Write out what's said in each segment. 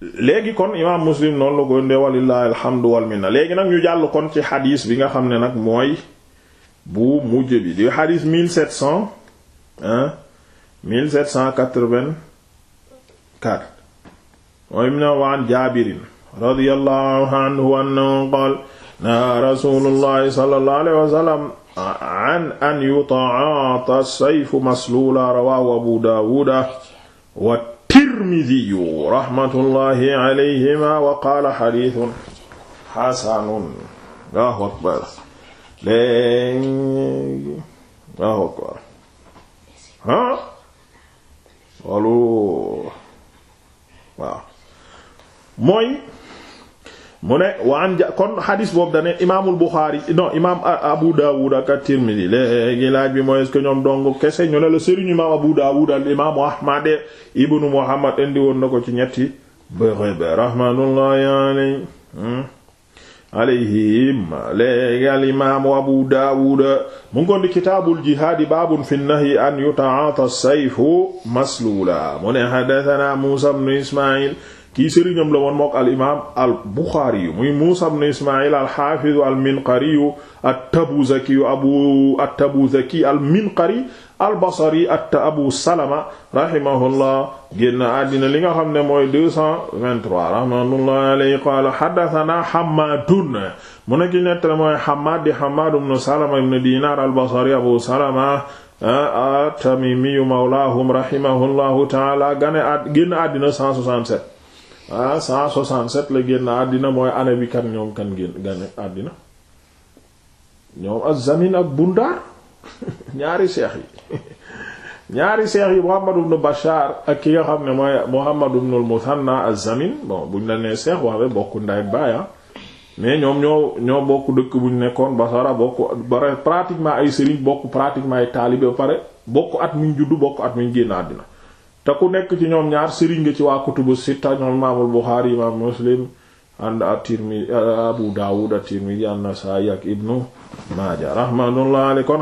léegi kon imaam muslim noonu la ko ndee walillahi alhamdu wal léegi nag ñu jàll kon ci xadiis bi nga xam ne nag mooy bu mujj bi di xadiis 1700 hein 1784 mooy mu ne waan jaabirin radiyallahu anhu annahu qaal na rasuulullahi sallallahu alayhi wasallam an an yutaata sayfu masluula rawaahu abu daawuda wat at-Tirmidhiyu rahmatullahi alayhima wa qaala xadiisun xasanun Allahu akbar léegi Allahu akbar ah loolu waaw mooy mu ne wa an kon xadis boobu dane imaamul Buxaari non imaam Abu Daawud ak a tirmidhi léegi laaj bi mooy est-ce que ñoom dong kese ñu ne la sëriñu imaam Abu Daawud al imaamu Ahmad ibnu Muhammad indi woon na ko ci ñetti bërëb rahmatullahi aley hmm, alayhim léegi al imaamu Abu Daawud mu ngi koon di kitaabul jihaadi baabun fi nahyi an yuta'aata as-sayfu masluula mu ne haddathana Muusaa ibnu Ismaayil kii sëriñam la woon mook al imaam al buxaari yu muy muusa ibn ismail al xaafizu al minqari yu at tabuzaki yu abu at tabuzaki al minqari al basri at abu salama rahimahullah génn àddina li nga xam ne mooy 223 rahmatullahi alayhi qaala haddathana hammaadun mu ne ki nettale mooy hammaad di hammaad ibn salama ibn dinar al basri abu salama at tamimi mawlaahum rahimahullahu ta'ala génn àddina 167 Ah, cent ah 167 la génn àddina mooy année bi kan ñoom kan génn gane àddina ñoom az-Zamin ak Bundaar ñaari seex yi ñaari seex yi Muhammad ibn Bashar ak ki nga xam ne mooy Muhammad ibn al-Muthanna az-Zamin bon buñ la nee seex waxwe bokk nday baaya ah. mais ñoom ñoo ñoo bokk dëkk bu ñu nekkoon Basara bokk bare pratiquement ay sëriñ bokk pratiquement ay taalibe ba pare bokk at muñ juddu bokk at mi ñu génn àddina te ku nekk ci ñoom ñaar sëriñ nga ci waa kutubu sitta ñoom imaamul Buxaari imaam Muslim ànd at-Tirmidhi euh, Abu Dawud at-Tirmidhi an ak Ibnu Maaja rahmatullah alayhi kon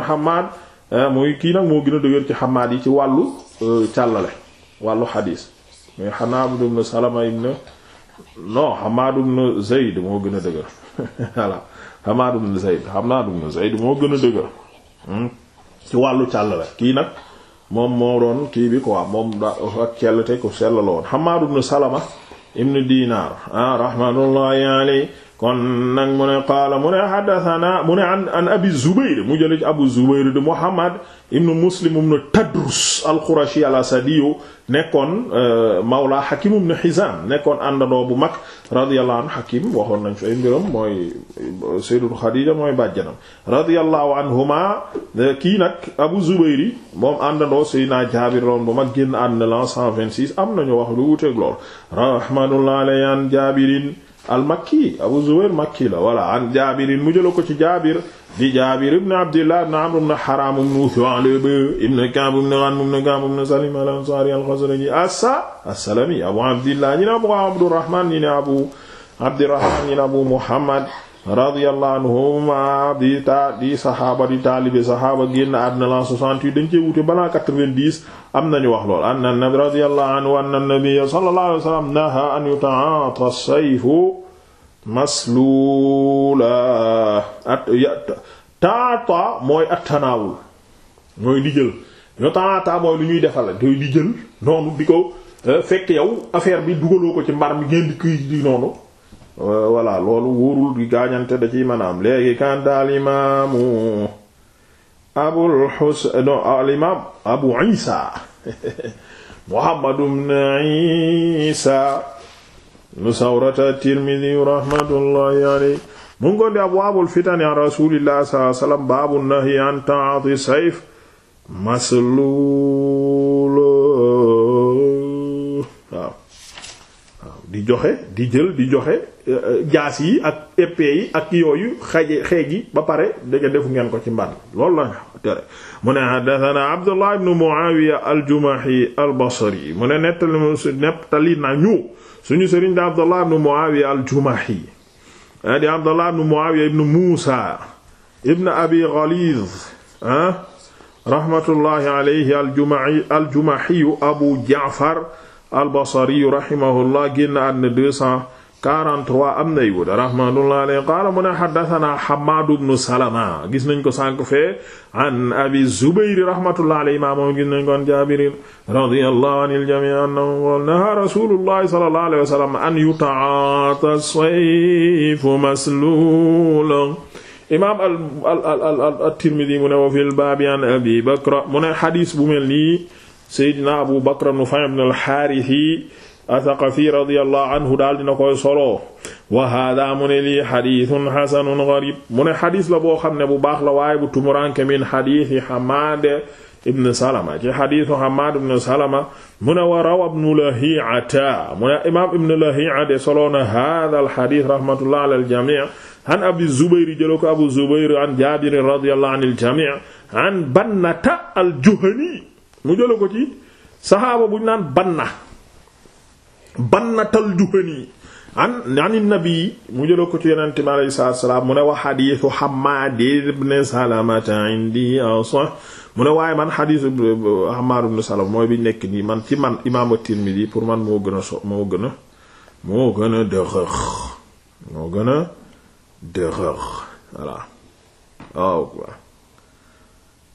euh, muy kii nag moo gën a dëgër ci Hammaad yi ci wàllu euh, càllale wàllu xadiis muy Hammaad ibn Salama ibn moo gën a dëgër voilà Hammaad ibn Zayd Hammaad moo gën a dëgër hmm? ci wàllu càllale kii nag moom moo doon kii bi quoi moom da ak cellte ko sell la woon Hammaad ibn Salama ibn Diinaar ah rahmatullahi alayhi kon nag mu ne qaala mu ne haddathana mu ne an an abi zubayr mu jële ci abu zubayr de muhammad ibnu muslim ibnu tadrus al-qurashi al-asadi nekkoon euh, mawla hakim ibnu hizam nekkoon àndandoo bu mag radiyallahu anhu hakim waxoon nañ fi ay mbiram mooy euh, sayyidatu khadija mooy bàjjanam radiyallahu anhuma kii nag abu zubayr yi moom àndandoo sayyidina jaabir loon bu mag génn àddina la 126 am nañu wax lu wuteeg lool rahmatullahi alayhi an jaabirin al makki abu zubayr makki la voilà an jaabirin mu jëla ko ci jaabir di jaabir ibn abdillah ibn amr ibn haram ibn uthalib ibn ka'b ibn ghanm ibn ka'b ibn salim al ansari al khazraji asa as-salami abu abdillah ñi ne abu abdurrahman ñi ne abu abdurrahman ñi ne abu muhammad radiyallahu anhuma di ta di saxaaba di taalibe saxaaba génn àddina la 68 dañ cee wute balaa 90 am nañu wax lool anna nabi radiyallahu anhu anna nabiyya sallallahu alayhi wa sallam naha an yuta'ata sayfu maslula at taata mooy attanaawul mooy di jël yo taata mooy lu ñuy defal doy di jël noonu di ko euh, fekk yow affaire bi dugaloo ko ci mbar mi ngeen di kii di noonu Euh, voilà loolu wóorul gi gaañante da ciy kanta al imaamu abul abu isa muhammadu ibn isa nu sawrata tirmidi rahmatullahi alayhi mu ngi ko di abwaabul fitani an rasulillah sallallahu alayhi wasallam baabu nahyi an ta'ati sayf maslul di joxe di jël di joxe euh, euh, jaas yi ak épée yi ak yooyu xaje xeej yi ba pare dégg defu ngeen ko ci mban loolu la tere mu ne haddathana Abdullah ibn Muawiya al-Jumahi al-Basri mu ne nettali mu su nettali nañu suñu sëriñ da Abdullah ibn Muawiya al-Jumahi eh, di Abdullah ibn Muawiya ibn Musa ibn Abi Ghaliz ah rahmatullahi al-Jumahi al-Jumahi Abu Ja'far al-Basri rahimahullah génn àddina 243 am nay wut rahmatullahi alayhi qaala mu ne haddathana Hammaad ibn Salama gis nañ ko sànq fee an Abi Zubayr rahmatullahi alayhi maa moom gis nañ ko an Jaabir radiyallahu anil jamii' annahu qaala nahaa rasuulullahi sallallahu alayhi wa sallam an yuta'aata sayfu masluulan imaam al al al al at-Tirmidhi mu ne wa fil baabi an Abi Bakr mu ne xadiis bu mel nii seydina abu bakr nufay ibn alxaarisi athaqafi radiyallahu anhu daal dina koy soloo wa hada mu ne lii xadiisun xasanun garib mu ne xadiis la boo xam ne bu baax la waaye bu tumuranke min xadiisi xamaade ibn salama ci xadiisu xamaad ibn salama mu ne wa rawa ibn lahiata mu ne imaam ibn lahiade soloona hada alxadiis rahmatullah ala aljami an abi zubayr jëla ko abu zubayr an jaabir radiyallahu an aljami an bannata aljuhani mu jëla ko ci saxaaba bu ñu naan banna bannatal yi an an nabi mu jëla ko ci yonente bi alayhi salaatu salaam mu ne wa xadiisu Hammaad ibn Salamata indi mu ne waaye man xadiisu Hammaad ibn Salama mooy bi nekk nii man ci man imaam at-Tirmidhi pour man moo gën a so moo gën a moo gën a dëxëx moo gën a dëxëx voilà waaw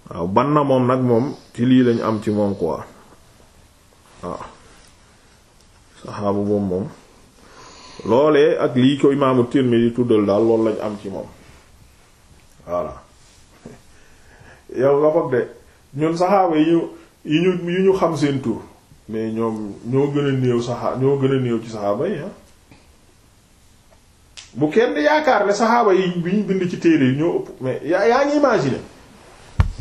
waaw ban na moom nag moom ci lii lañu am ci moom quoi waaw saxaabu boobu moom loolee ak lii ko mi Tirmidhi tuddal daal loolu lañu am ci moom voilà yow nga foog de ñun saxaaba yi ñu yi ñu yi ñu xam seen tur mais ñoom ñoo gën a néew saxaaba ñoo gën a néew ci saxaaba yi ah. bu kenn yaakaar ne saxaaba yi bi ñu bind ci téere yi ñoo ëpp mais yaa yaa ngi imaginer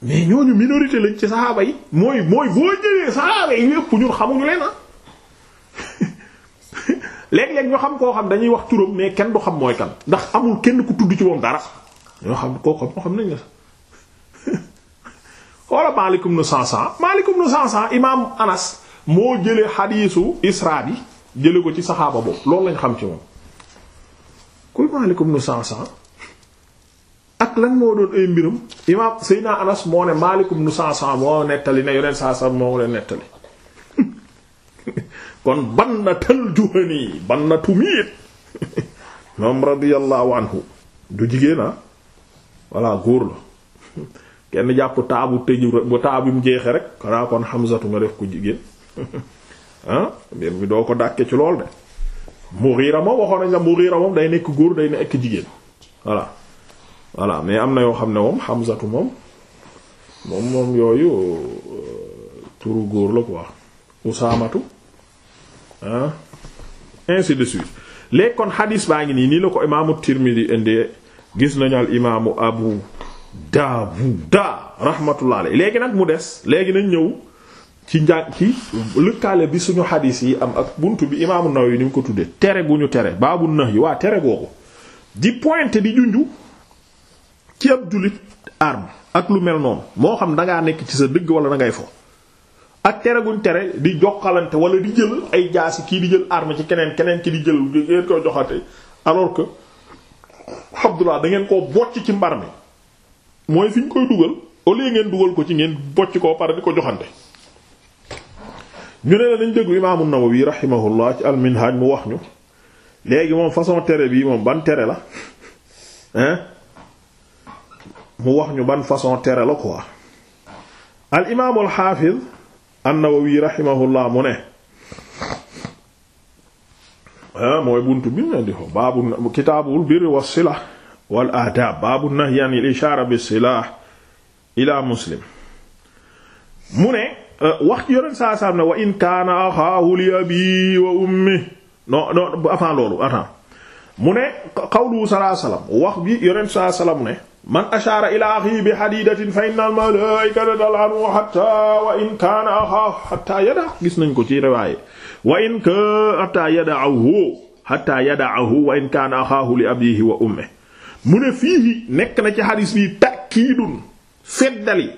mais ñooñu minorité lañ ci saxaaba yi mooy mooy boo jëlee saxaaba yi yépp ñun xamuñu leen ah léeg-léeg ñoo xam koo xam dañuy wax turam mais kenn du xam mooy kan ndax amul kenn ku tudd ci moom dara ñoo xam koo xam ñoo xam nañ la xoola maalikum nu sansan maalikum nu sansan imaam anas moo jële xadiisu isra bi jële ko ci saxaaba boobu loolu lañ xam ci moom kuy maalikum nu sansan ak lan moo doon ay mbiram imaam Seydina Anas moo ne maalikum nu saasaa moo nettali ne yoneen saasaa moo leen nettali kon bannatal juhani bannatu miit moom radiyallahu anhu du jigéena ah. walla góor la kenn jàpp taabu tëju bu jeexe rek xanaa kon xamsatu nga def ko jigéen ah mbir mi doo ko dàkke ci lool de Mughira moom waxoon nañ la Mughira moom day nekk góor day nekk jigéen voilà voilà mais am na yoo xam ne moom Hamzatu moom moom moom yooyu euh, turu góor la quoi Usaamatu ah ainsi de suite léegi kon xadis baa ngi nii nii la ko imaamu Tirmidi indee gis nañu al imaamu Abu Daawuda rahmatullah alayhi léegi nag mu des léegi nañ ñëw ci njàng ci lëkkaale bi suñu xadis yi am ak bunt bi imaamu Nawawi ni mu ko tuddee tere gu ñu tere baabu nax yi waa tere googu di pointé di junju ci ab jullit arme ak lu mel noonu moo xam dangaa nekk ci sa dëgg wala dangay fo ak tere guñ tere di joxalante wala di jël ay jaasi kii di jël arme ci keneen keneen ki di jël ngeen koy joxante alors que Abdullah da ngeen koo bocc ci mbar mooy fi ñu koy dugal au ngeen dugal ko ci ngeen bocc koo pare di ko joxante. ñu ne la dañ déglu imaamu Nawawi rahimahullah ci al-Minhaj mu wax ñu léegi moom façon tere bii moom ban tere la mu wax ñu ban façon tere la quoi al al xaafiz an-Nawawi mu ne ah, mooy buntu bi ne di ko baabu kitaabul birri was-sila wal aadaab baabu nahyi anil ishaara bis-silaah ila muslim mu ne euh, wax yoneen saa saam ne wa in kaana axaahu li abi wa ummi non non avant loolu attends mu ne qawlu sallallahu alayhi wasallam wax bi yoneen saa saam ne man ashaara ila bi xadidatin fa inna al malaikata talanu hatta wa in kaana axaa hatta yada gis nañ ko ci riwaaye wa in kaana axaahu li abihi wa umme mu ne fii nekk na ci xadis bi takkiidun feddali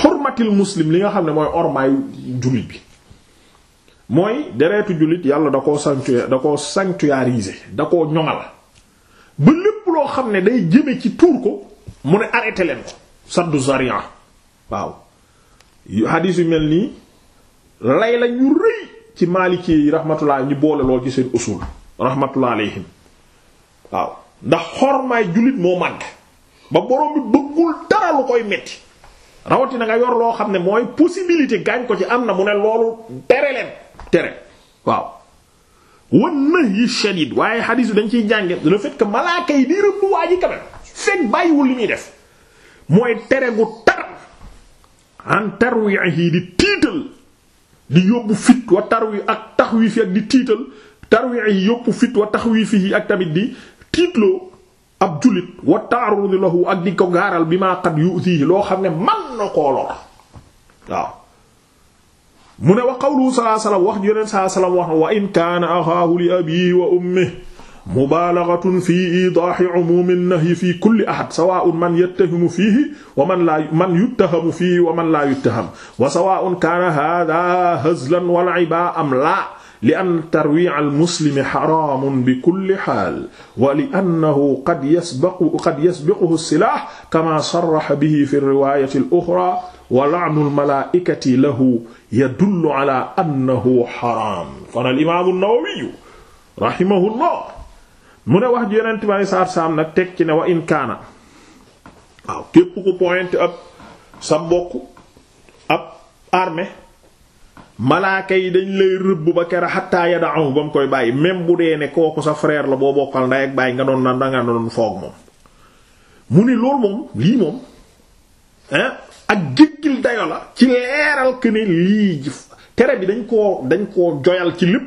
xurmatil muslim li nga xam ne mooy ormaayu jullit bi mooy deretu jullit yàlla da koo sanctu da koo sanctuariser da koo ñoŋal loo xam ne day jëme ci tuur ko mu ne arrêté leen ko saddu zariya waaw hadis yu mel nii lay la ñu rëy ci maaliki yi rahmatullah ñu boole lool ci seen usul rahmatullah alayhim waaw ndax xormaay jullit moo màgg ba borom bi bëggul dara lu koy metti rawatina nga yor loo xam ne mooy possibilité gaañ ko ci am na mu ne loolu tere leen tere waaw wan nahyi shadid waaye xadiis bi dañ ciy jànge le fait que malaaka yi di rëbb waa ji quand même fekk bàyyiwul li muy def mooy tere gu tar an tarwihi di tiital di yóbbu fit wa tarwi ak tax taxwiif ak di tiital tarwihi yóbbu fit wa fi ak tamit di tiitloo ab jullit wa la lahu ak di ko gaaral bi maa qad yu'tihi loo xam ne man na koo lor waaw mu ne wa qawluhu sallallahu alayhi wasallam wax yonent sallallahu alayhi wasallam wax wa in kaana axaahu li abiihi wa ummihi mubalagatun fi idaaxi umumi nahyi fi kulli ahad sawaun man yattahimu fiihi wa man laa man yuttahamu fiihi wa man laa yuttaham wa sawaun kaana hada hazlan wal ibaa am laa li an tarwi al muslimi xaraamun bi kulli xaal wa li annahu qad yasbiqu qad yasbiquhu silaax kama sarraxa bihi fi riwaayati al uxraa wa la'nu al malaa'ikati lahu yadullu ala annahu xaraam kon al imaamu nawawiyu rahimahullah mu ne wax ji yeneen tubaab saar saam nag teg ci ne wa in kaana waaw képp ku pointé ab sa mbokk ab armée. malaaka yi dañ lay rëbb ba kera xataa yadaahu ba mu koy bàyyi même bu dee ne kooku sa frère la boo bokkal nday ak bàyyi nga doon na danga doon foog moom mu ni loolu moom lii moom ak jéggil dayo la ci leeral que ne lii tere bi dañ koo dañ koo joyal ci lépp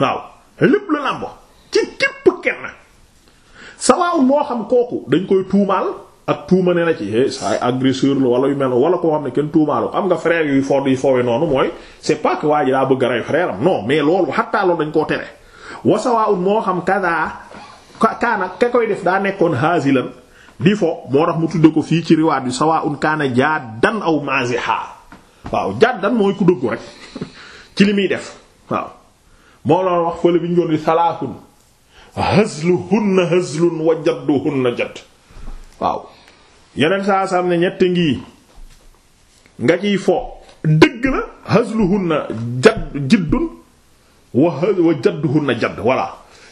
waaw lépp la làmbo ci képp kenn sawaaw moo xam kooku dañ koy tuumaal ak tuuma ne na ci eh saa agresseur la wala yu mel wala koo xam ne kenn tuumaaloo am nga frère yuy fo yi fowe noonu mooy c'est pas que waa ji daa bëgg a rey frère am non mais koo tere. moo xam kadaa kaana koy def daa nekkoon haazilan di fo moo tax fii ci riwaat bi sawaa'un kaana jaddan aw maziha waaw jaddan mooy ku dëggu rek ci li muy def waaw moo loon wax fële bi ñu doon di salaatun hazluhunna hazlun wa jadduhunna jadd waaw yeneen saa saam ne ñett ngi nga ciy fo dëgg la hazluhunna jadd jiddun wa wa jadduhunna jadd voilà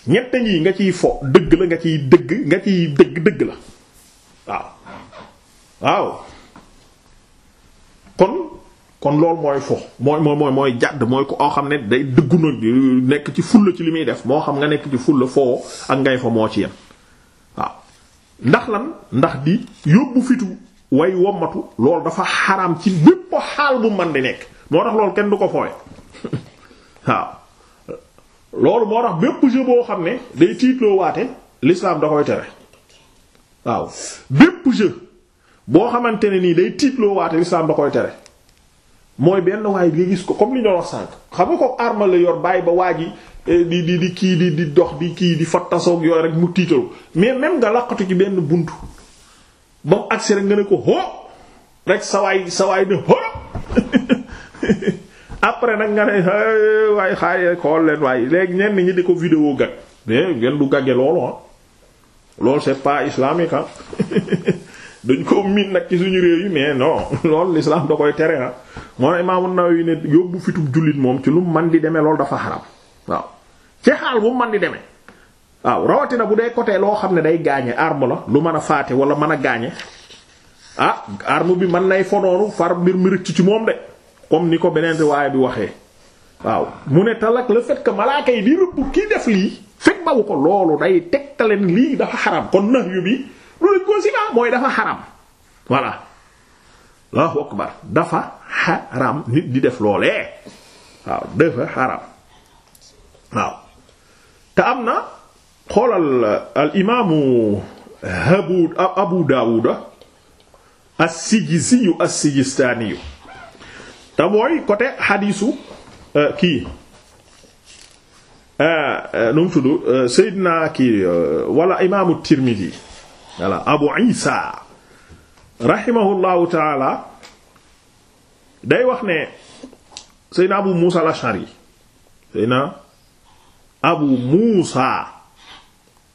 ñett ngi nga ciy fo dëgg la nga ciy dëgg nga ciy dëgg dëgg la waaw waaw kon kon loolu mooy fo mooy mooy mooy mooy jàdd mooy ko oo xam ne day dëggu na nekk ci fulla ci li muy def moo xam nga nekk ci fulla foo ak ngay fa moo ci yem ndax lan ndax di yóbbu fitu way wommatu loolu dafa xaram ci bépp xaal bu man di nekk moo tax loolu kenn du ko foowe waaw loolu moo tax bépp jeu boo xam ne day tiitloo waate l'islam da koy tere xamante ni nii day tiitloo waate l'islam da koy tere mooy benn waay nga gis ko comme li ñoo wax sànq ko arme yor bàyyi ba waa ji Eh, di di di kii di di dox di kii di fattasoog yooyu rek mu tiitalu mais même nga laqatu ci benn buntu ba mu agsi rek nga ne ko hoo rek sawaay sawaay ne hoo après nag nga ne waaye xaar xool leen waaye léegi ñenn ñi di ko vidéo gag mais ngeen du gagge loolu ah loolu c'est pas islamique ah dañ ko miin nag ci suñu réew yi mais non loolu l'islam da koy tere ah. moo ne Imaamu Nawawi ne yóbbu fitub jullit moom ci lu man di demee lool dafa xaram waaw ci xaal bu man di demee waaw rawatina bu dee côté loo xam ne day gaañe arme la lu mën a faate wala mën a gaañe a ah, arme bi mën nay fonoonu far mbir mi ci ci moom de comme ni ko beneen riwaaya bi waxee waaw mu ne talak la fait que malaaka yi di rëbb kii def lii fekk bawu ko loolu day tegtaleen lii dafa xaram kon nax yu bi lu lañ ko si mooy dafa xaram voilà Allahu dafa xaram di def loolee waaw dafa xaram waaw te am na xoolal al imaamu abu abu daawuda as-sijisiyu as-sijistaaniyu te mooy xadiisu euh, kii euh, euh, nu mu tudd Seydina kii wala imaamu Tirmidi wala Abu Isa rahimahullahu taala day wax ne Seydina Abu Musa al-Ash'ari Seydina abu muusa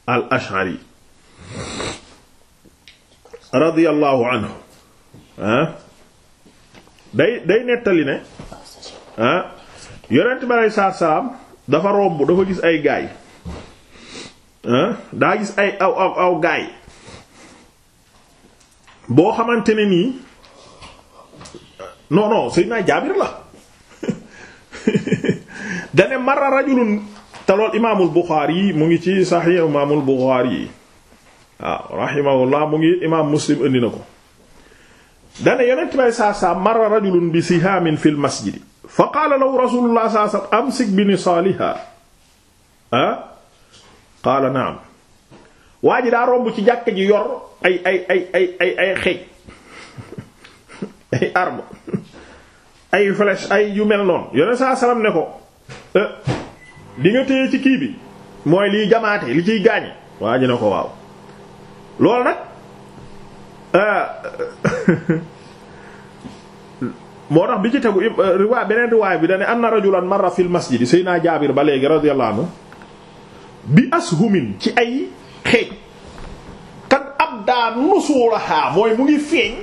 al ashari radiyallahu anhu ah, day day nettali ne ah yonent bi aleyhi salaatu salaam dafa romb dafa gis ay gaay ah daa gis ay aw aw aw gaay boo xamante ne nii non non Jaabir la dane marra rajulun te lool imaamul yi mu ngi ci saxiix imaamul Buxaari yi waaw rahimahullah mu ngi imaam Muslim indi na ko dane yonent bay saa saa marra rajulun bi sihaamin fil masjidi fa qaala lahu rasulullah saa saa amsik bi nisaaliha ah qaala naam waa daa romb ci jàkk ji yor ay ay ay ay ay ay ay arme ay flèche ay yu mel noonu saa salaam ne ko eh, di nga téye ci kii bi mooy liy jamaate li ciy gaañe waa ji na ko waaw loolu nag euh, moo tax bi ci tegu euh, riwaay beneen riwaay bi dane anna rajulan marra fil masjid sayna jaabir ba léegi radiyallahu anhu bi ashumin ci ay xeej kat abda nusulaha mooy mu ngi feeñ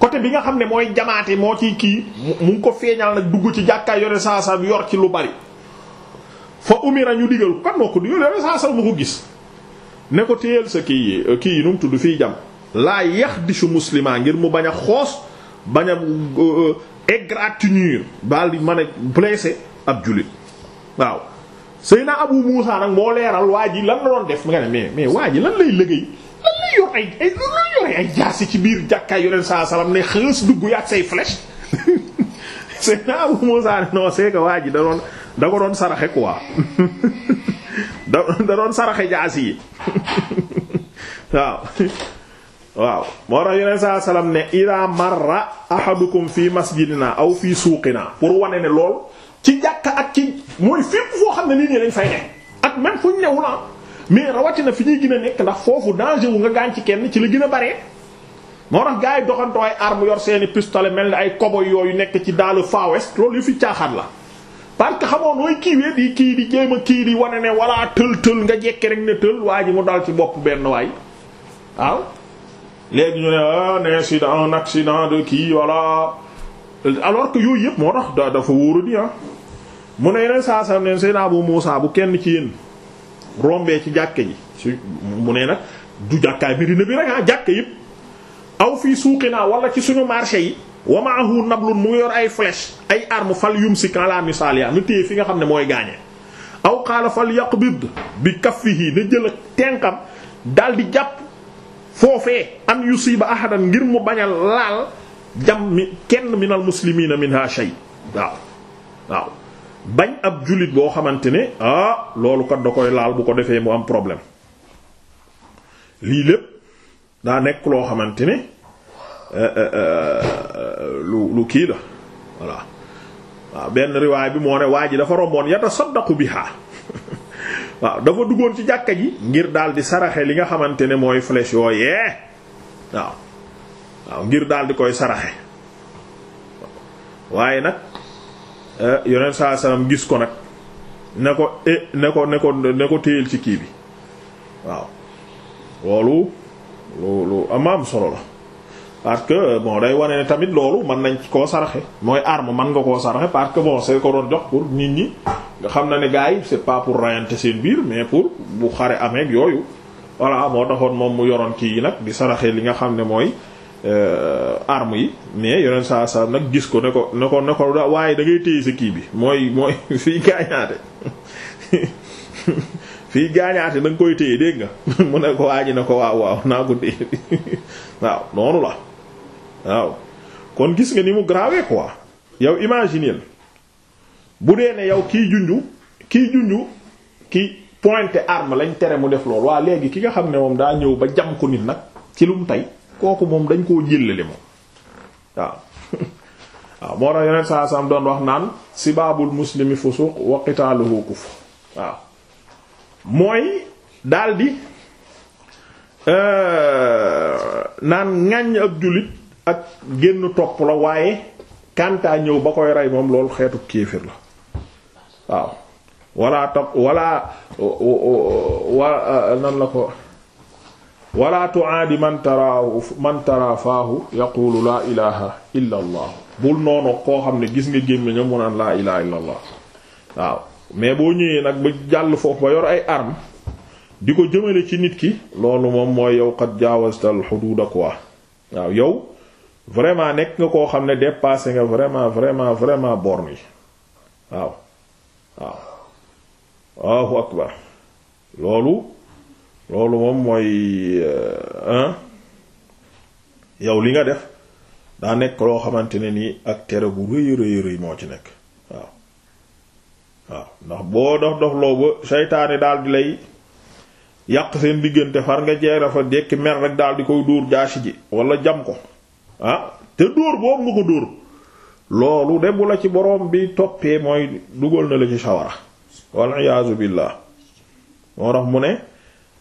côté bi nga xam ne mooy jamaate moo ciy kii mu ngi ko feeñal nag dugg ci jàkkaay yore saa saa yor ci lu bari fa umira ñu digal ko kan moo ko digal yooyu saa sal ma ko gis ne ko téyel sa kii yi euh, kii yi nu mu tudd fii jam laa yax disu muslima ngir mu bañ a xoos bañ a euh, égratignure daal di mën a blessé ab jullit waaw Seyna Abu Muusa nag moo leeral waa ji lan la doon def mais mais waa ji lan lay liggéey lan lay yor ay ay lan lay ci biir jàkkaay yoneen saa salam ne xës dugg yaag say flèche Seyna Abu Muusa ne non c'est waa ji da da ko doon saraxe quoi da da doon saraxe jaas yi waaw waaw moo tax yeneen saa salaam ne ida marra ahadukum fi masjidina aw fi suuqina pour wane ne lool ci jàkka ak ci mooy fépp foo xam ne nit ñi dañ fay ne ak même fuñ newul ah. mais rawatina fi ñuy gën nekk ndax foofu danger wu nga gaañ ci kenn ci la gën a bare moo tax gars yi doxantoo ay armes yor seeni pistolet mel ni ay kobo yooyu nekk ci daalu fawest loolu yu fi caaxaan la parce que nooy kiiwee di kii di jéem kii di wane ne walla tël tël nga jekke rek ne tël waa ji mu dal ci bopp benn waay waaw léegi ñu ne un ah, accident un accident de kii voilà alors que yooyu yëpp moo tax da dafa wóoru di ah mu ne yeneen saa saa ne Seydina Abu Muusa bu kenn ci yéen rombee ci jàkke ji mu ne nag du jàkkaay Medina bi rek ah jàkke yëpp aw fii suuqi naa wala ci suñu marché yi wa maahu nablun mu yor ay flèche ay arme fal yumsik ala misaliha nu téye fi nga xam ne mooy gaañee aw qaala fal yaqbid bi kaffihi na jël ak tenkam daal di jàpp foofee an yusiba ahadan ngir mu bañ a laal jam kenn minal muslimina minha shay waaw bañ ab jullit boo xamante ne ah loolu kat da koy laal bu ko defee mu am problème lii lépp daa nekk loo xamante ne Euh, euh, euh, lu kii la voilà waaw benn riwaay bi moo ne waa ji dafa romboon yatasaddaqu biha waaw dafa duggoon ci jàkka ji ngir daal di saraxe li nga xamante ne mooy flèche yooyee waaw waaw ngir daal di koy saraxe waaye nag yoneen saa salaam gis ko nag ne ko eh, ne ko ne ko ne ci kii bi waaw loolu lu lu am am solo la parce que euh, bon day wane ne tamit loolu mën nañ koo saraxe mooy arme mën nga koo saraxe parce que bon c'est ko doon jox pour nit ñi nga xam na ne gars yi c'est pas pour rayante seen biir mais pour bu xare ameeg yooyu voilà moo taxoon moom mu yoroon kii yi nag di saraxe li nga xam ne mooy euh, arme yi mais yeneen saa saa nag gis ko ne ko ne ko ne ko waaye da ngay téye sa kii bi mooy mooy fii gaañaate fii gaañaate da nga koy téye dégg nga mu ne ko waaji na ko waaw waaw naa ko téye waaw noonu la waaw kon gis nga ni mu grave quoi yow imagineel bu dee ne yow kiy junju kiy junju ki pointé arme lañ tere mu def lool waa léegi ki nga xam ne moom daa ñëw ba jam ko nit nag ci lum tey kooku moom dañ koo jëllale moom waaw moo tax yeneen saa sam doon wax naan sibaabul muslimi fusuq wa qitaaluhu kufr waaw mooy daldi euh, naan ŋàññ ab jullit ak génn topp la waaye kantaa ñëw ba koy rey moom loolu xeetu kéefir la waaw wala topp wala wa nan la ko wala tuaadi man taraahu man laa ilaha illa bul noonu koo xam ne gis nga gémmiñam mu naan laa ilaha illa waaw mais boo ñëwee nag ba jàll foofu ba yor ay arme di ko jëmale ci nit ki loolu moom mooy yow qad jaawazta al waaw yow vraiment nekk nga koo xam ne dépassé nga vraiment vraiment vraiment borne yi waaw waaw Allahu akbar loolu loolu moom mooy euh, yow li nga def daa nekk loo xamante ne nii ak tere bu rëy rëy rëy moo ci nekk waaw waaw ndax boo dox dox loo ba seytaane daal di lay yàq seen diggante far nga jeera fa dekki mer rek daal di koy dóor jaasi ji walla jam ko ah te dóor boobu nga ko dóor loolu de la ci boroom bi toppee mooy dugal na la ci sawara wal iyaazu billah moo tax mu ne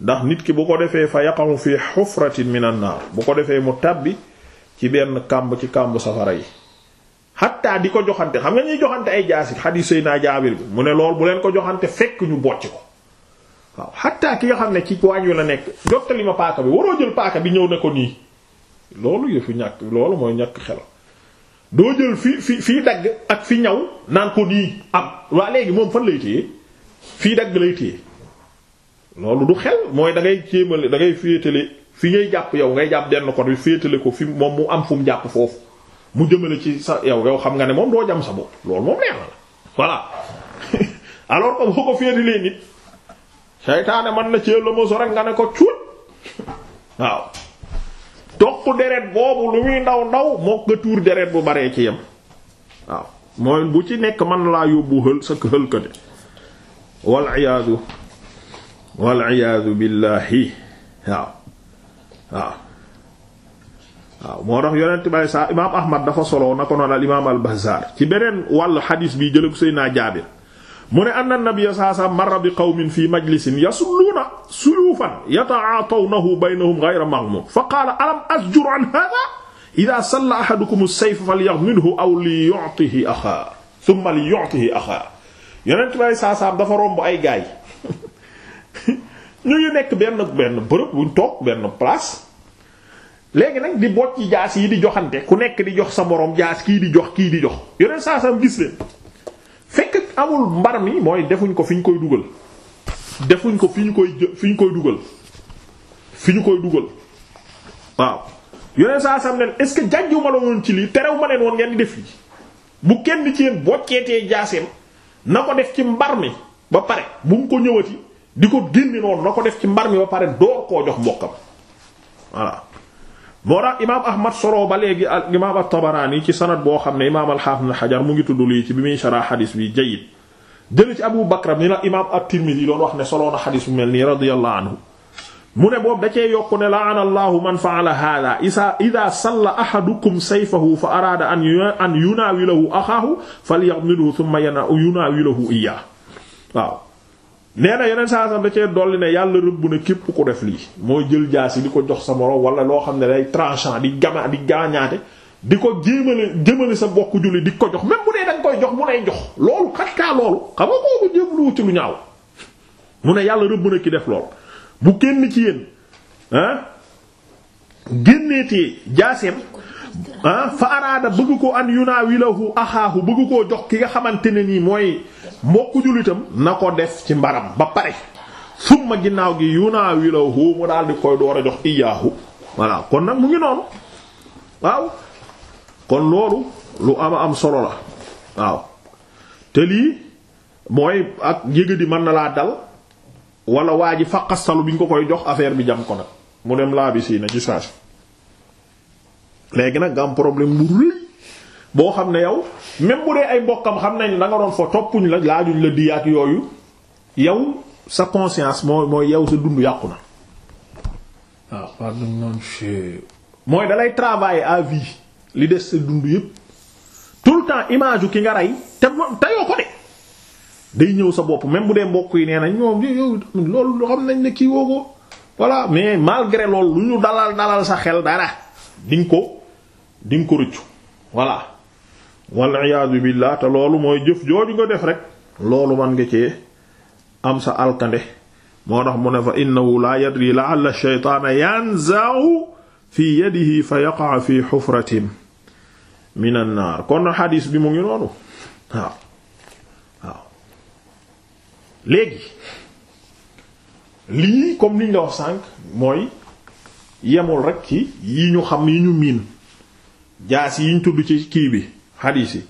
ndax nit ki bu ko defee fa yaqamu fi xufratin minan naar bu ko defee mu tàbbi ci benn kàmb ci kàmb safara yi xatta di ko joxante xam nga ñuy joxante ay jaasi xadiis Seydina Jaabir bi mu ne lool bu leen ko joxante fekk ñu bocc ko waaw xatta ki nga xam ne ci waañ la nekk jottali ma paaka bi waroo jël paaka bi ñëw ne ko nii loolu yëfu ñàkk loolu mooy ñàkk xel doo jël fi fi fii dagg ak fi ñaw naan ko nii am waa léegi moom fan lay téye fii dagg lay téye loolu du xel mooy da ngay jéemale da ngay féetale fi ngay jàpp yow ngay jàpp denn ko bi féetale ko fi moom mu am fu mu jàpp foofu mu jëmale ci sa yow yow xam nga ne moom doo jam sa bopp loolu moom neex na la voilà alors que boo ko féetalee nit seytaane man na ci la moso rek nga ne ko cuut waaw toq deret boobu lu muy ndaw ndaw deret bu baree ci yem bu ci nekk mën laa yóbbu hël sa hëlkate wal iyaadu wal iyaadu billaahi waaw waaw waaw moo tax yonent bay saa imaam ahmad dafa solo na ko noon al imaam al bazaar ci beneen wàll xadiis bi jële sëy Seydina Jaabir mu ne anna nabiyya saa saa marra bi qawmin fii majlisin yasluuna suyuufan yata'aatawnahu baynahum ghayra maghmuum fa qaala alam asjur an haadhaa idhaa salla ahadukum as-sayfa falyaghminhu aw liyu'tihi axaahu thumma liyu'tihi axaahu yonent bi saa saa dafa romb ay gaay ñu ngi nekk benn benn bërëb bu ñu toog benn place léegi nag di bocc jaas yi di joxante ku nekk di jox sa moroom jaas kii di jox kii di jox yonent saa saa gis leen. amul mbar mi mooy defuñ ko fi ñu koy dugal defuñ ko fi ñu koy fi ñu koy dugal fi ñu koy dugal waaw yoneen saa sam leen est ce que jàngiwu ma la woon ci lii terew ma leen woon ngeen di def yi bu kenn ci yéen bocceetee jaaseem na ko def ci mbar mi ba pare bu mu ko ñëwati di ko génne noonu na ko def ci mbar mi ba pare door koo jox mbokkam voilà moo tax imaam Ahmad solo ba léegi ak imaam at-Tabarani ci sanad boo xam ne imaam al-Hafiz ibn Hajar mu ngi tudd lii ci bi muy sharh xadis bi jayyid jëli ci Abu Bakr ni la imaam at-Tirmidhi doon wax ne solo na xadis bu mel nii radiyallahu anhu mu ne boobu da cee yokk ne la'ana Allahu man fa'ala hadha isa idha salla ahadukum sayfahu fa arada an an yunawilahu axaahu falyaghmilhu thumma yunawilahu iyyah waaw nee na yeneen saa sam da cee dolli ne yàlla rëbb na képp ku def lii mooy jël jaas yi di ko jox sa moroom wala loo xam ne day tranchant di gama di gaañaate di ko jéemale jëmale sa bokk julli di ko jox même bu dee da koy jox mu lay jox loolu xattaa loolu xam nga kooku jébluwu ci lu ñaaw mu ne yàlla rëbb na ki def lool bu kenn ci yéen ah génneetee jaaseem ah fa araada bëgg ko an yunaawilahu axaahu bëgg koo jox ki nga xamante ne nii mooy mbokku jullitam na ko def ci mbaram ba pare summa ginnaaw gi yunaawilahu mu daal di koy door a jox iyaahu voilà kon nag mu ngi noonu waaw kon loolu lu ama am solo la waaw te lii mooy ak di mën na laa dal wala waa ji faqastalu bi ñu ko koy jox affaire bi jam ko nag mu dem laa bi na ci change léegi nag nga am problème bu rëy boo xam ne yow même bu dee ay mbokkam xam nañ da nga doon fa toppuñ la laajuñ la diyaat yooyu yow sa conscience mooy mooy yow sa dund yàqu na ah, mooy dalay travailler à vie li des sa dund yépp tout le temps image ki nga rey te teyoo ko de day ñëw sa bopp même bu dee mbokk yi nee nañ ñoom yow loolu xam nañ ne kii woo ko voilà mais malgré loolu lu ñu dalal dalal sa xel dara diñ ko di nga ko rëccu voilà wal iyaadu billah te loolu mooy jëf jooju nga def rek loolu man nga cee am sa alkande moo tax mu ne fa innahu la yadri la'alla shaytaana yanza'u fi yadihi fa yaqa'a fi hufratin min an-naar kon xadiis bi mu ngi noonu waaw waaw léegi lii comme liñ la wax sànq mooy yemul rekk ci yi ñu xam yi ñu miin jaas yi ñu tudd ci kii bi xadiis yi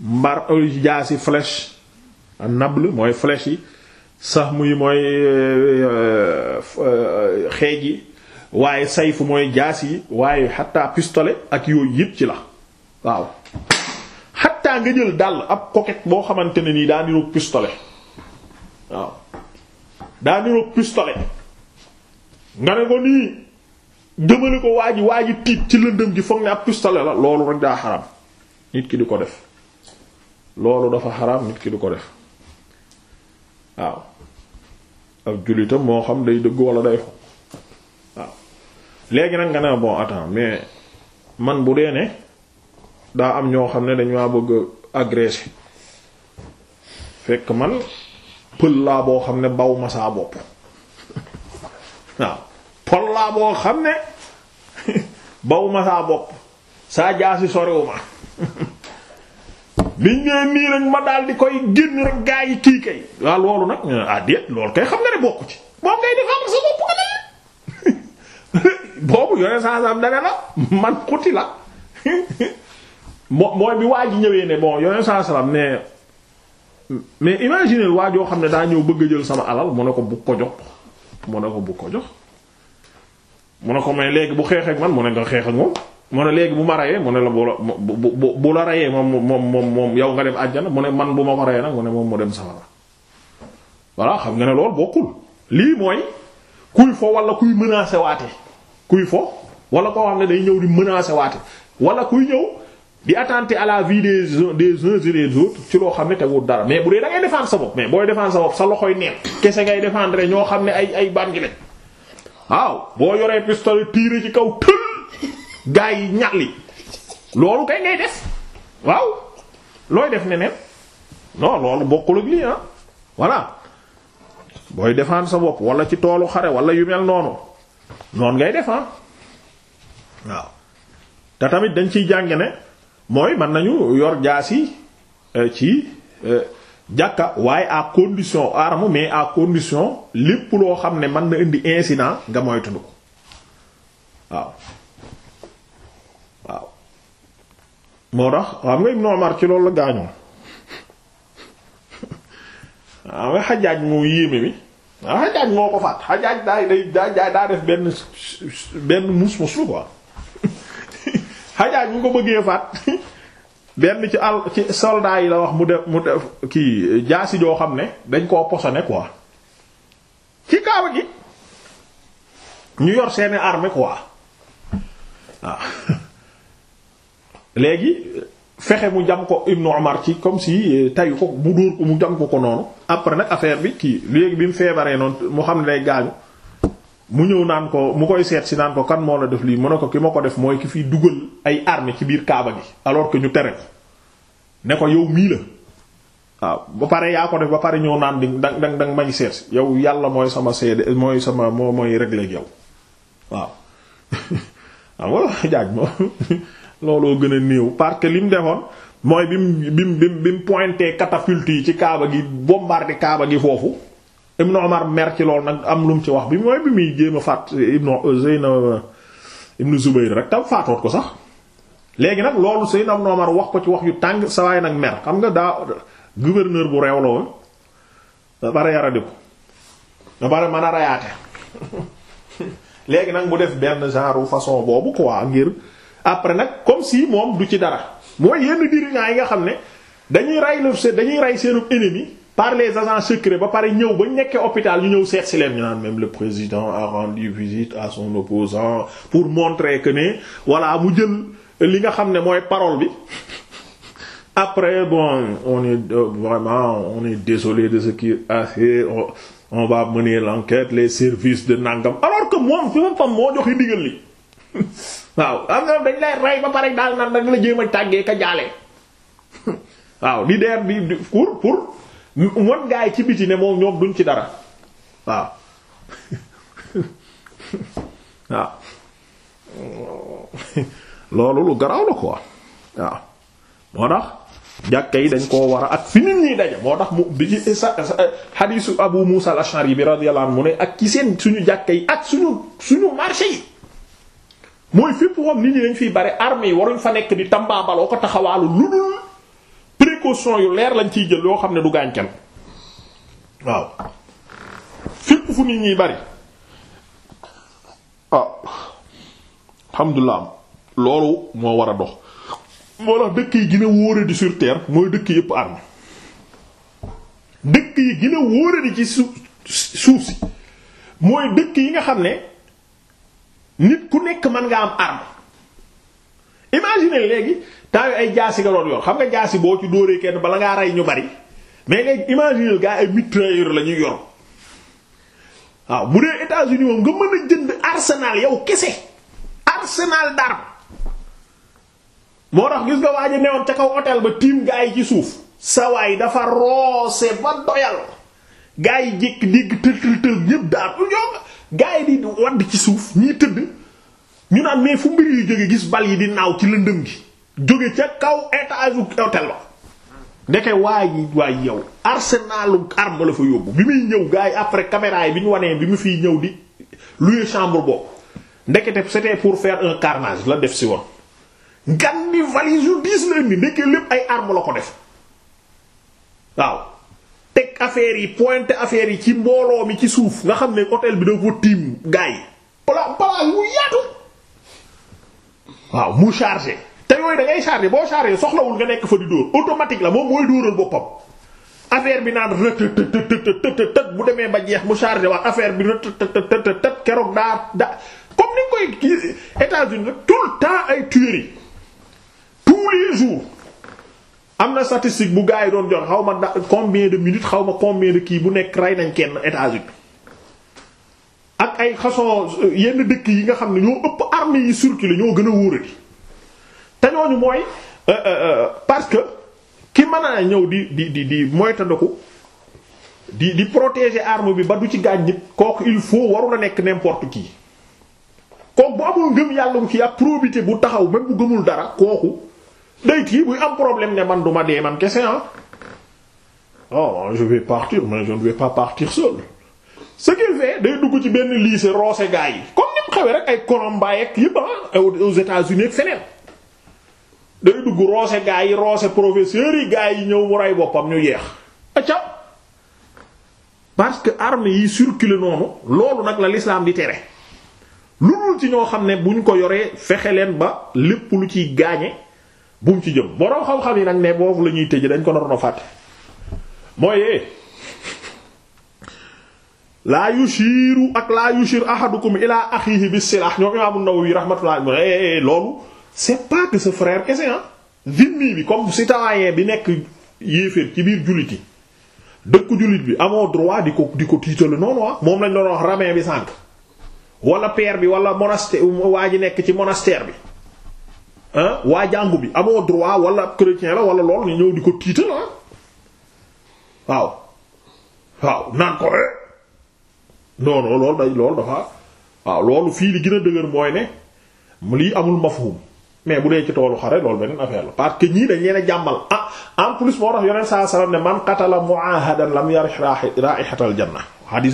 mbar euh, jaas yi flèche nabl mooy flèche yi saxmu yi mooy euh, euh, xeej yi waaye sayfu mooy jaas yi waaye xataa pistolet ak yooyu yëpp ci la waaw xataa nga jël dàll ab coquette boo xamante ne nii daa niroog pistolet waaw daa niroog pistolet nga ne ko nii jëmale ko waa ji waa tiit ci lëndëm ji foog ne ab pistolet la loolu rek daa xaram nit ki di ko def loolu dafa xaram nit ki di ko def waaw ab jullitam moo xam day dëgg wala day xo waaw léegi nag nga ne bon attends mais man bu dee ne daa am ñoo xam ne dañu maa bëgg agressé fekk man pël laa boo xam ne baw ma saa bopp waaw pol laa boo xam ne bawuma saa bopp saa jaasi soriwuma liñ nee nii rek ma daal di koy génn rek gaa yi kii kay waaw loolu nag ah déet loolu kay xam nga ne bokku ci ah. boobu yore saa saam dana la man xuti la mooy bi waa ji ñëwee ne bon yore saa mais imaginer waa joo xam ne daa ñëw bëgg a jël sama alal mu ne ko bu ko jox mu ne ko bu ko jox mu ne ko may léegi bu xeex ak man mu ne nga xeex ak moom mu ne léegi bu ma rayee mu ne la bu la bu rayee moom moom moom moom yow nga dem àjjana mu ne man bu ma ko rayee nag mu ne moom mu dem safara voilà xam nga ne loolu bokkul lii mooy kuy fo wala kuy menacer waate kuy fo wala koo xam ne day ñëw di menacer waate wala kuy ñëw di attenter à la vie des des uns et des autres ci loo xam ne teguwul dara mais bu dee da ngay sa bopp mais booy défendre sa bopp sa loxoy kese ngay défendre ñoo xam ne ay ay bandi aw boo yoree pistolet tiire ci kaw tël gaa yi ñaxli loolu kay ngay def waaw looy def neneen non loolu bokkul ak lii ah voilà booy défendre sa bopp wala ci toolu xare wala yu mel noonu noonu ngay def ah waaw te tamit dañ ciy jànge ne mooy mën nañu yor jaasi eh, ci eh, jàkka waaye à condition arme mais à condition lépp loo xam ne man na indi incident nga moytandu ko waaw waaw moo tax waaw nga Hajjaj moo yéeme mi waaw moo ko faat Hajjaj daa daa daa def benn benn mus mus lu quoi Hajjaj mu ko bëggee faat benn ci al ci soldat yi la wax mu def mu def kii jaasi joo xam ne dañ koo posone quoi ci kaawa gi ñu yor seeni armée quoi waaw léegi fexe mu jam ko Ibnu Umar ci comme si euh, tayu ko mu dóor ko mu jam ko ko noonu après nag affaire bi kii léegi bi mu feebaree noonu mu xam ne day gaañu mu ñëw naan ko mu koy seet si naan ko kan moo la def lii mu ne ko ki ma ko def mooy ki fiy dugal ay armes ci biir kaaba gi alors que ñu tere ko ne ko yow mii la waaw ba pare yaa ko def ba pare ñëw naan di dang dang dang may seet yow yàlla mooy sama seede mooy sama moo mooy régler yow waaw waaw walla jaaj moom looloo gën a néew parce que li mu defoon mooy bi mu bi mu bi mu pointé catapulte yi ci kaaba gi bombardé kaaba gi foofu Ibn Omar mer ci loolu nag am lu mu ci wax bi mooy bi muy jéema a faat Ibn Zeyna Ibn Zubayr rek tam faatoot ko sax léegi nag loolu Seydina Ibn Omar wax ko ci wax yu tàng sawaay nag mer xam nga daa gouverneur bu réew la woon da bare yaradi ko da bare mën a rayaate léegi nag mu def benn genre façon boobu quoi ngir après nag comme si moom du ci dara mooy yenn dirigeants yi nga xam ne dañuy rey dañuy rey seenu ennemi par les agents secrets ba pare ñëw ba ñu nekkee hôpital ñu ñëw seet si leen ñu naan même le président a rendu visite à son opposant pour montrer que ne voilà mu jël li nga xam ne mooy parole bi après bon on est euh, on est désolé de ce qui a on va mener l'enquête les services de nangam alors que moom fi mu fam moo joxe ndigal li waaw am na dañ lay rey ba pare daal naan dañ la jéem a tàggee ka waaw di deer di pour pour wan gaay ci biti ne moom ñoom duñ ci dara waaw waaw loolu lu garaaw la quoi waaw moo tax jàkka yi dañ koo war a ak fi nit ñi daje moo tax mu bi ci sa xadiisu Abu Musa al-Ash'ari bi radiyallahu anhu mu ne ak ci seen suñu jàkka yi ak suñu suñu marché yi mooy fépp xam nit ñi dañ fiy bare armée yi waruñ fa nekk di tambaabaloo ko taxawaalu lu dul précaution yu leer lañ ciy jël yoo xam ne du gaañ kenn waaw fépp fu nit ñi bari ah alhamdulilah loolu moo war a dox moo tax dëkk yi gën a wóore mooy dëkk yëpp arme dëkk yi gën a ci suuf suuf si mooy dëkk yi nga xam ne nit ku nekk mën nga am arme imagine léegi temps ay jaasi nga doon yor xam nga jaasi boo ci dóoree kenn bala ngaa rey ñu bari mais ngay imaginer gaa ay mitrailleur la ñuy yor waaw bu dee États-Unis nga mën a jënd arsenal yow kese arsenal d'armes moo tax gis nga waa ji ca kaw hôtel ba tiim gaa yi ci suuf sawaay dafa roose ba doyal gaa yi jékki dégg tël tël tël ñépp daal ñoo gaa yi di wadd ci suuf ñii tëdd ñu naan mais fu mbir yu jóge gis bal yi di naaw ci lëndëm gi jóge ca kaw étage u hôtel ba ndeke waay waay yow arsenalu arme la fa yóbbu bi muy ñëw gars après caméra bi ñu wanee bi mu fiy ñëw di louer chambre boobu ndekete c'était pour faire un carnage la def si woon ngan ni yu diis la indi ndekkee lépp ay arme la ko def waaw teg affaire yi pointé affaire yi ci mbooloo mi ci suuf nga xam ne hôtel bi da ko tiim gars yi balaa balaa yaatu waaw mu chargé te yooyu da ngay charger boo charger soxlawul nga nekk fa di dóor automatique la moom mooy dóoral boppam affaire bi naan rëtëtëtëtëtët bu demee ba jeex mu chargé wax affaire bi rëtëtëtëtëtët keroog daa da comme ni koy kii États-Unis rek tout le temps ay tueries tous les am na statistique bu gars yi doon jox xaw ma da combien de minutes xaw ma combien de kii bu nekk rey nañ kenn États-Unis ak ay façon yenn dëkk yi nga xam ne ñoo ëpp armée yi circulé ñoo gën a wóoradi. te ñooñu mooy euh, euh, euh, parce que ki mën a ñëw di di di di moytandiku di di protéger arme bi ba du ci gaañ nit kooku il faut waru la nekk n'importe qui kooku bu amul ngëm yàlla mu ci ak probité bu taxaw même bu gëmul dara kooku day kii buy am problème ne man duma dee man kese ah oh je vais partir mais je ne vais pas partir seul ce qu'il fait day dugg ci benn lycée roose gars yi comme ni mu rek ay Columbine ak yëpp ah aux États-Unis ak feneen day dugg roose gaa yi roose professeurs yi gaa yi ñëw mu rey boppam ñu yeex acca parce que armes yi circuler noonu loolu nag la l'islam di tere lu dul ci ñoo xam ne buñ ko yore fexe leen ba lépp lu ciy gaañe bu ci jëm borom xam-xam yi nag ne boobu la ñuy tëj dañ ko naroon a fàtte mooy eh, laa yushiru ak laa yushir ahadukum ilaa axiihi bis silah ñoom Imaam An-Nawawi eh, eh, loolu c'est que ce frère kese ah zimmi bi comme citoyen bi nekk yéeféer ci biir jullit yi dëkku jullit bi amoo droit di ko di ko tiitale ah. bi sànq wala père bi wala monastère waa ci monastère bi waa jàngu bi amoo droit wala wala lool ñu di ko tiitale ah waaw waaw naan ko eh. non loolu day loolu dafa waaw loolu fii li gën a dëgër mooy ne lii amul mafhum mais bu dee ci toolu xare loolu beneen affaire la parce que ñii dañ leen a jàmbal ah en plus moo tax yoneen saa salaam ne man qatala mu'ahadan lam yarih ra'ihatal janna hadis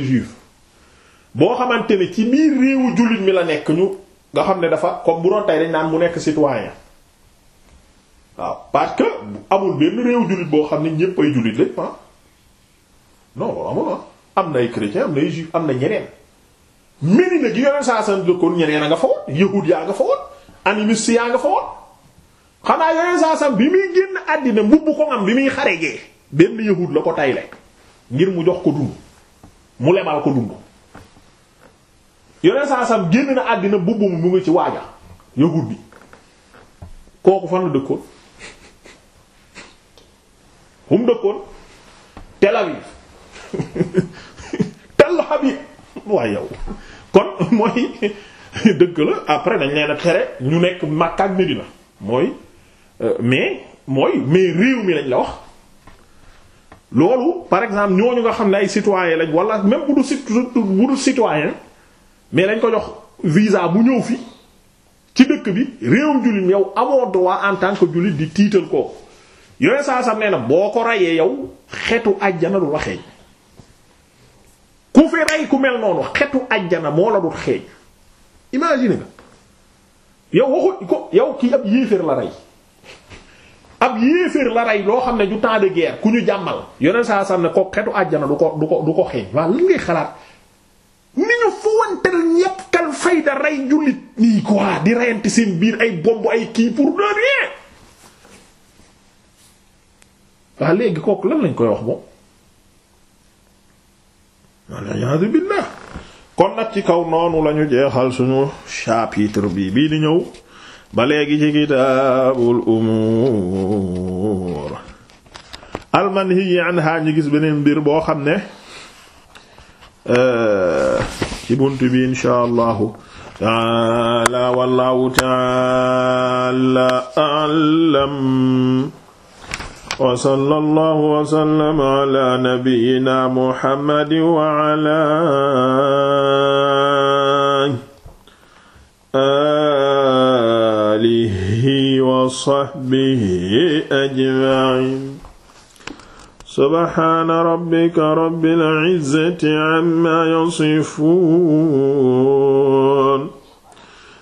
juif boo xamante ne ci biir réewu jullit mi la nekk ñu nga xam ne dafa comme bu doon tey dañ naan mu nekk citoyen waaw parce que amul benn réewu jullit boo xam ne ñépp ay jullit lañ ah non loolu amul ah. am na chrétien am na juif am na ñeneen. Medina gi yoneen saa san dëkkoon ñeneen a nga fa woon yahud yaa nga fa woon animiste yaa nga fa woon xanaa yoneen saa san bi muy génn àddina mbubb ko ngam bi muy xarejee benn yahud la ko tayle ngir mu jox ko dund mu lebal ko dund yoneen saa san génn na àddina mbubb mu mu ngi ci waaja yahud bi kooku fan la dëkkoon fu dëkkoon Tel Aviv Tel Aviv waaye yow kon mooy dëgg la après dañ leen a tere ñu nekk Makka ak Medina mooy euh, mais mooy mais réew mi lañ la wax loolu par exemple ñu nga xam ne ay citoyen lañ wala même bu du bu du citoyen mais lañ ko jox visa bu ñëw fi ci dëkk bi réewum jullit yow amoo droit en tant que jullit di tiital ko yooyu saa sam nee na boo ko rayee yow xetu àjjana du la xeeñ ku fi rey ku mel noonu xetu ajjana moo la dul xeeñ imagine nga yow waxu ko yow kii ab yéeféer la rey ab yéeféer la rey loo xam ne du temps de guerre ku ñu jàmmal yonen saa sam ne ko xetu ajjana du ko du ko du ko xeeñ waaw lan ngay xalaat ni ñu fowantel ñépp kal fayda rey jullit nii quoi di reyante seen biir ay bomb ay kii pour de rien waaw léegi kook lan lañ koy wax moom waliyasu billah kon nag ci kaw noonu lañu jeexal suñu chapitre bi bii di ñëw ba léegi ci kitaabul umuur almanhiyi anha ñu gis beneen mbir boo xam ne euh, ci bunt bi insha allahu taala wallahu taala alam wa sallallahu wa sallam ala nabiyyina muhammadin wa ala alihi wa sahbihi ajma'in subhaana rabbika rabbil izzati amma yasifuun